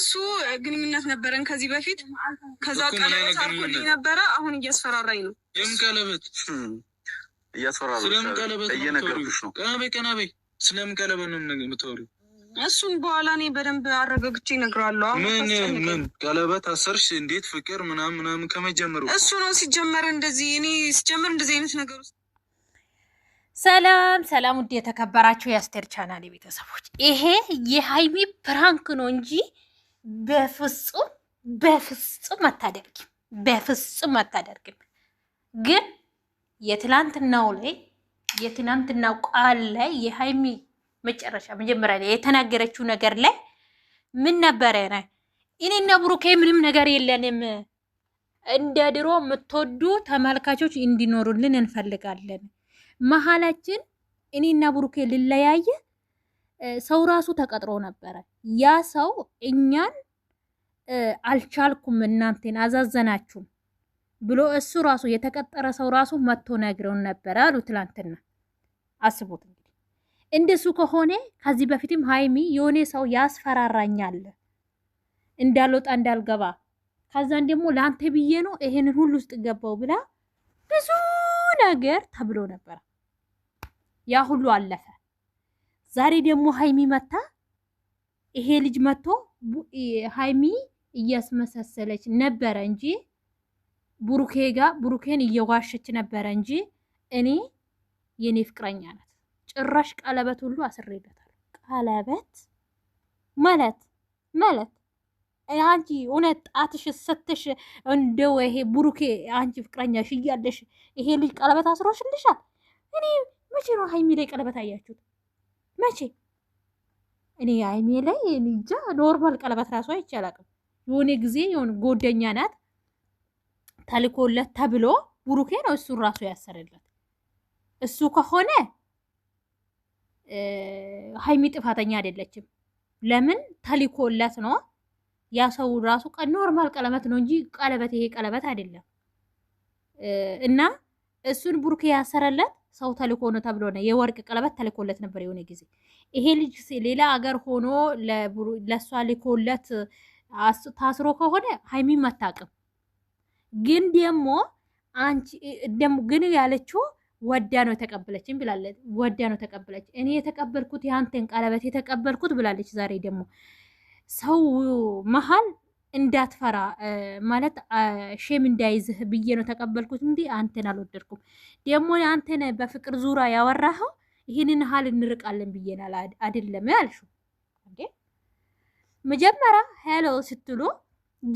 እሱ ግንኙነት ነበረን ከዚህ በፊት። ከዛ ቀለበት አርጎልኝ ነበረ። አሁን እያስፈራራኝ ነው። የምን ቀለበት? ስለምን ቀለበት ነው? ቀና በይ ቀና ቀለበት ነው የምታወሪው? እሱን በኋላ እኔ በደንብ አረጋግቼ እነግርሃለሁ። ምን ምን ቀለበት አሰርሽ? እንዴት ፍቅር ምናም ምናም ከመጀመሩ እሱ ነው ሲጀመር። እንደዚህ እኔ ሲጀመር እንደዚህ አይነት ነገር ውስጥ ሰላም ሰላም፣ ውድ የተከበራችሁ የአስቴር ቻናል የቤተሰቦች ይሄ የሀይሚ ፕራንክ ነው እንጂ በፍጹም በፍጹም አታደርግም፣ በፍጹም አታደርግም። ግን የትላንትናው ላይ የትናንትናው ቃል ላይ የሀይሚ መጨረሻ መጀመሪያ ላይ የተናገረችው ነገር ላይ ምን ነበረ? እኔና ብሩኬ ምንም ነገር የለንም እንደ ድሮ የምትወዱ ተመልካቾች እንዲኖሩልን እንፈልጋለን። መሀላችን እኔና ብሩኬ ልለያየ ሰው ራሱ ተቀጥሮ ነበረ። ያ ሰው እኛን አልቻልኩም፣ እናንተን አዛዘናችሁም ብሎ እሱ ራሱ የተቀጠረ ሰው ራሱ መጥቶ ነግረውን ነበረ አሉ ትላንትና። አስቡት እንግዲህ እንደሱ ከሆነ ከዚህ በፊትም ሀይሚ የሆነ ሰው ያስፈራራኛል እንዳልወጣ እንዳልገባ፣ ከዛን ደግሞ ለአንተ ብዬ ነው ይሄንን ሁሉ ውስጥ ገባው ብላ ብዙ ነገር ተብሎ ነበረ። ያ ሁሉ አለፈ። ዛሬ ደግሞ ሀይሚ መታ ይሄ ልጅ መቶ ሀይሚ እያስመሳሰለች ነበረ እንጂ ቡሩኬ ጋር ቡሩኬን እየዋሸች ነበረ እንጂ እኔ የኔ ፍቅረኛ ናት። ጭራሽ ቀለበት ሁሉ አስሬበታል። ቀለበት ማለት ማለት አንቺ እውነት ጣትሽ ሰተሽ እንደው ይሄ ቡሩኬ አንቺ ፍቅረኛሽ እያለሽ ይሄ ልጅ ቀለበት አስሮሽልሻል። እኔ መቼ ነው ሀይሚ ላይ ቀለበት አያችሁት? መቼ እኔ አይሜ ላይ እንጃ ኖርማል ቀለበት ራሱ አይቼ አላውቅም። የሆነ ጊዜ የሆነ ጎደኛ ናት ተልኮለት ተብሎ ብሩኬ ነው እሱን ራሱ ያሰረለት። እሱ ከሆነ ሀይሚ ጥፋተኛ አይደለችም። ለምን ተልኮለት ነው ያ ሰው ራሱ ኖርማል ቀለበት ነው እንጂ ቀለበት ይሄ ቀለበት አይደለም። እና እሱን ብሩኬ ያሰረለት ሰው ተልኮ ነው ተብሎ ነው የወርቅ ቀለበት ተልኮለት ነበር የሆነ ጊዜ። ይሄ ልጅ ሌላ አገር ሆኖ ለእሷ ልኮለት ታስሮ ከሆነ ሀይሚም አታውቅም። ግን ደግሞ አንቺ ደግሞ ግን ያለችው ወዳ ነው የተቀበለችን ብላለች። ወዳ ነው ተቀበለች። እኔ የተቀበልኩት የአንተን ቀለበት የተቀበልኩት ብላለች። ዛሬ ደግሞ ሰው መሀል እንዳትፈራ ማለት ሼም እንዳይዝህ ብዬ ነው ተቀበልኩት እንጂ አንተን አልወደድኩም። ደግሞ አንተን በፍቅር ዙራ ያወራኸው ይህንን ሀል እንርቃለን ብዬናል አይደለም ያልሽው። መጀመሪያ ሄሎ ስትሉ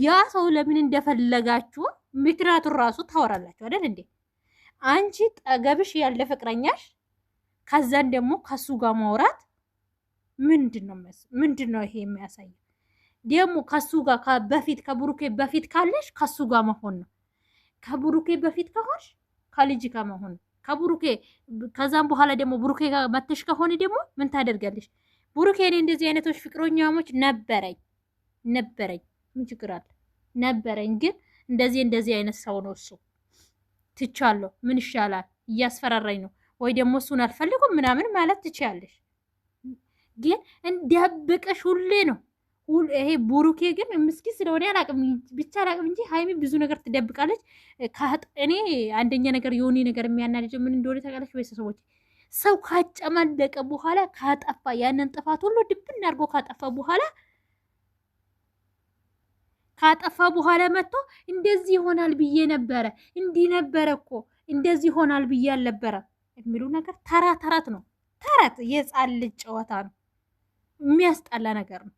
ያ ሰው ለምን እንደፈለጋችሁ ምክንያቱን ራሱ ታወራላችሁ አይደል እንዴ? አንቺ ጠገብሽ ያለ ፍቅረኛሽ ከዛን ደግሞ ከሱ ጋር ማውራት ምንድን ነው ይሄ የሚያሳየው? ደግሞ ከሱ ጋር በፊት ከቡሩኬ በፊት ካለሽ ከሱ ጋር መሆን ነው። ከቡሩኬ በፊት ከሆንሽ ከልጅ ጋር መሆን ነው። ከብሩኬ ከዛም በኋላ ደግሞ ቡሩኬ ጋር መተሽ ከሆነ ደግሞ ምን ታደርጋለሽ? ቡሩኬ እኔ እንደዚህ አይነቶች ፍቅረኛሞች ነበረኝ ነበረኝ፣ ምን ችግር አለ ነበረኝ። ግን እንደዚህ እንደዚህ አይነት ሰው ነው እሱ፣ ትቻለሁ፣ ምን ይሻላል፣ እያስፈራራኝ ነው ወይ ደግሞ እሱን አልፈልጉም ምናምን ማለት ትችያለሽ። ግን እንደበቀሽ ሁሌ ነው ይሄ ቡሩኬ ግን ምስኪ ስለሆነ አላቅም ብቻ አላቅም እንጂ ሀይሚ ብዙ ነገር ትደብቃለች። እኔ አንደኛ ነገር የሆነ ነገር የሚያናድድ ምን እንደሆነ ታውቃለች። ቤተሰቦች ሰው ካጨማለቀ በኋላ ካጠፋ ያንን ጥፋት ሁሉ ድብን አድርጎ ካጠፋ በኋላ ካጠፋ በኋላ መጥቶ እንደዚህ ይሆናል ብዬ ነበረ እንዲህ ነበረ እኮ እንደዚህ ይሆናል ብዬ አልነበረ የሚሉ ነገር ተራ ተራት ነው። ተራት የጻልጭ ጨዋታ ነው። የሚያስጠላ ነገር ነው።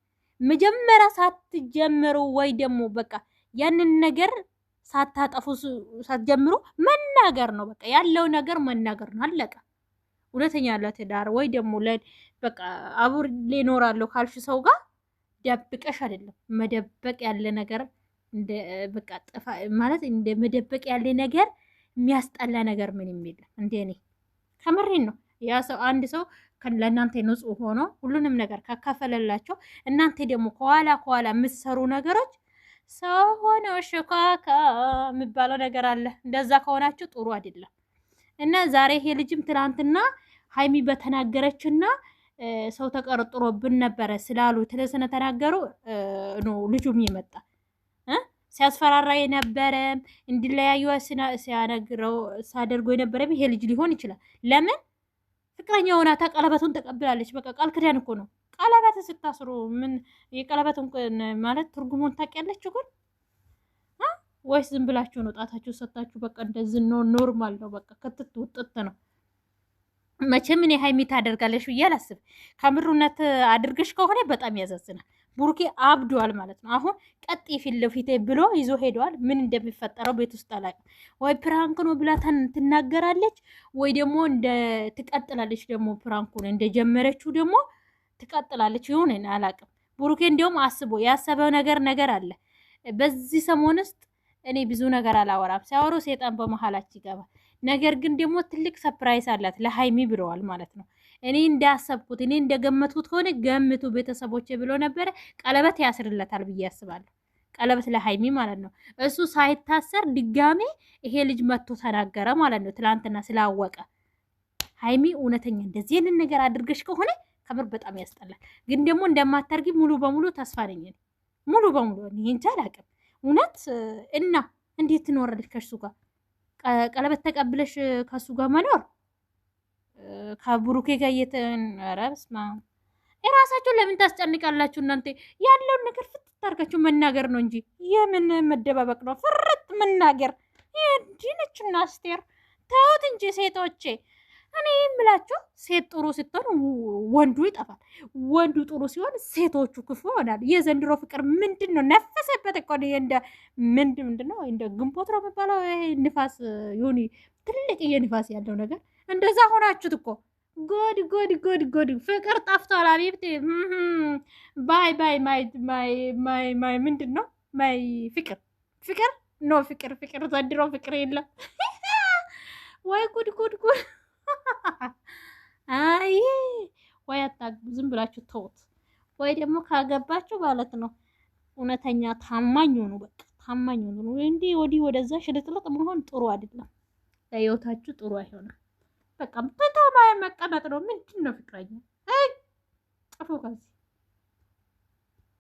መጀመሪያ ሳትጀምሩ ወይ ደግሞ በቃ ያንን ነገር ሳታጠፉ ሳትጀምሩ መናገር ነው። በቃ ያለው ነገር መናገር ነው። አለቀ። እውነተኛ ለትዳር ወይ ደግሞ በቃ አብር ሊኖራለሁ ካልሽ ሰው ጋር ደብቀሽ አይደለም መደበቅ ያለ ነገር በቃ ጥፋ ማለት እንደ መደበቅ ያለ ነገር የሚያስጠላ ነገር ምን የሚል እንደኔ እኔ ከምሬን ነው። ያ ሰው አንድ ሰው ለእናንተ ንጹህ ሆኖ ሁሉንም ነገር ከከፈለላቸው እናንተ ደግሞ ከኋላ ከኋላ የምትሰሩ ነገሮች ሰው ሆኖ ሽካካ የሚባለው ነገር አለ። እንደዛ ከሆናችሁ ጥሩ አይደለም። እና ዛሬ ይሄ ልጅም ትናንትና ሀይሚ በተናገረችና ሰው ተቀርጥሮብን ነበረ ስላሉ ስለተናገሩ ነው ልጁም የመጣ ሲያስፈራራ የነበረ እንዲለያዩ ሲያነግረው ሳደርጎ የነበረ ይሄ ልጅ ሊሆን ይችላል ለምን ፍቅረኛ ሆና ቀለበቱን ተቀብላለች። በቃ ቃል ክዳን እኮ ነው። ቀለበትን ስታስሩ ምን የቀለበትን ማለት ትርጉሙን ታውቂያለች ግን ወይስ ዝም ብላችሁ ነው ጣታችሁ ሰታችሁ? በቃ እንደዚህ ነው፣ ኖርማል ነው። በቃ ክትት ውጥት ነው። መቼም እኔ ሀይሚ ታደርጋለሽ ብዬ አላስብ። ከምሩነት አድርገሽ ከሆነ በጣም ያዛዝናል። ቡርኬ አብዷል ማለት ነው። አሁን ቀጥ ፊት ለፊቴ ብሎ ይዞ ሄደዋል። ምን እንደሚፈጠረው ቤት ውስጥ አላውቅም። ወይ ፕራንክ ነው ብላ ትናገራለች፣ ወይ ደግሞ ትቀጥላለች። ደግሞ ፕራንኩን እንደጀመረችው ደግሞ ትቀጥላለች። ይሁን አላውቅም። ቡርኬ እንዲሁም አስቦ ያሰበው ነገር ነገር አለ። በዚህ ሰሞን ውስጥ እኔ ብዙ ነገር አላወራም። ሲያወሩ ሴጣን በመሀላችን ይገባል። ነገር ግን ደግሞ ትልቅ ሰፕራይዝ አላት ለሀይሚ ብለዋል ማለት ነው። እኔ እንዳሰብኩት እኔ እንደገመትኩት ከሆነ ገምቱ ቤተሰቦች ብሎ ነበረ። ቀለበት ያስርለታል ብዬ አስባለሁ ቀለበት ለሀይሚ ማለት ነው። እሱ ሳይታሰር ድጋሜ ይሄ ልጅ መጥቶ ተናገረ ማለት ነው። ትላንትና ስላወቀ ሀይሚ እውነተኛ እንደዚህ ይህንን ነገር አድርገሽ ከሆነ ከምር በጣም ያስጠላል። ግን ደግሞ እንደማታርጊ ሙሉ በሙሉ ተስፋ ነኝ። ሙሉ በሙሉ ይህንቻ አላቅም እውነት እና እንዴት ትኖረልሽ ከእሱ ጋር ቀለበት ተቀብለሽ ከሱ ጋር መኖር ከብሩኬ ጋር እየተረብስ የራሳችሁን ለምን ታስጨንቃላችሁ? እናንተ ያለውን ነገር ፍትት መናገር ነው እንጂ የምን መደባበቅ ነው? ፍርጥ መናገር ይድንችና አስቴር ተውት እንጂ ሴቶቼ እኔ የምላቸው ሴት ጥሩ ስትሆን ወንዱ ይጠፋል፣ ወንዱ ጥሩ ሲሆን ሴቶቹ ክፉ ይሆናል። የዘንድሮ ፍቅር ምንድን ነው? ነፈሰበት እኮ እንደ ምንድ ምንድን ነው እንደ ግንቦት ነው የሚባለው ንፋስ የሆኑ ትልቅ የንፋስ ያለው ነገር እንደዛ ሆናችሁት እኮ ጎድ ጎድ ጎድ ጎድ ፍቅር ጠፍቷል። አቤት ባይ ባይ ማይ ማይ ምንድን ነው ማይ ፍቅር ፍቅር ኖ ፍቅር ፍቅር ዘንድሮ ፍቅር የለም ወይ ጉድ ጉድ ጉድ አይ ወይ አታግቡ፣ ዝም ብላችሁ ተውት። ወይ ደግሞ ካገባችሁ ማለት ነው እውነተኛ ታማኝ ሆኑ፣ በቃ ታማኝ ሆኑ። እንዲህ ወዲህ ወደዛ ሽልጥልጥ መሆን ጥሩ አይደለም፣ ለህይወታችሁ ጥሩ አይሆንም። በቃ በጣም መቀመጥ ነው። ምንድን ነው ፍቅረኛ አይ ጥፉ ከዚህ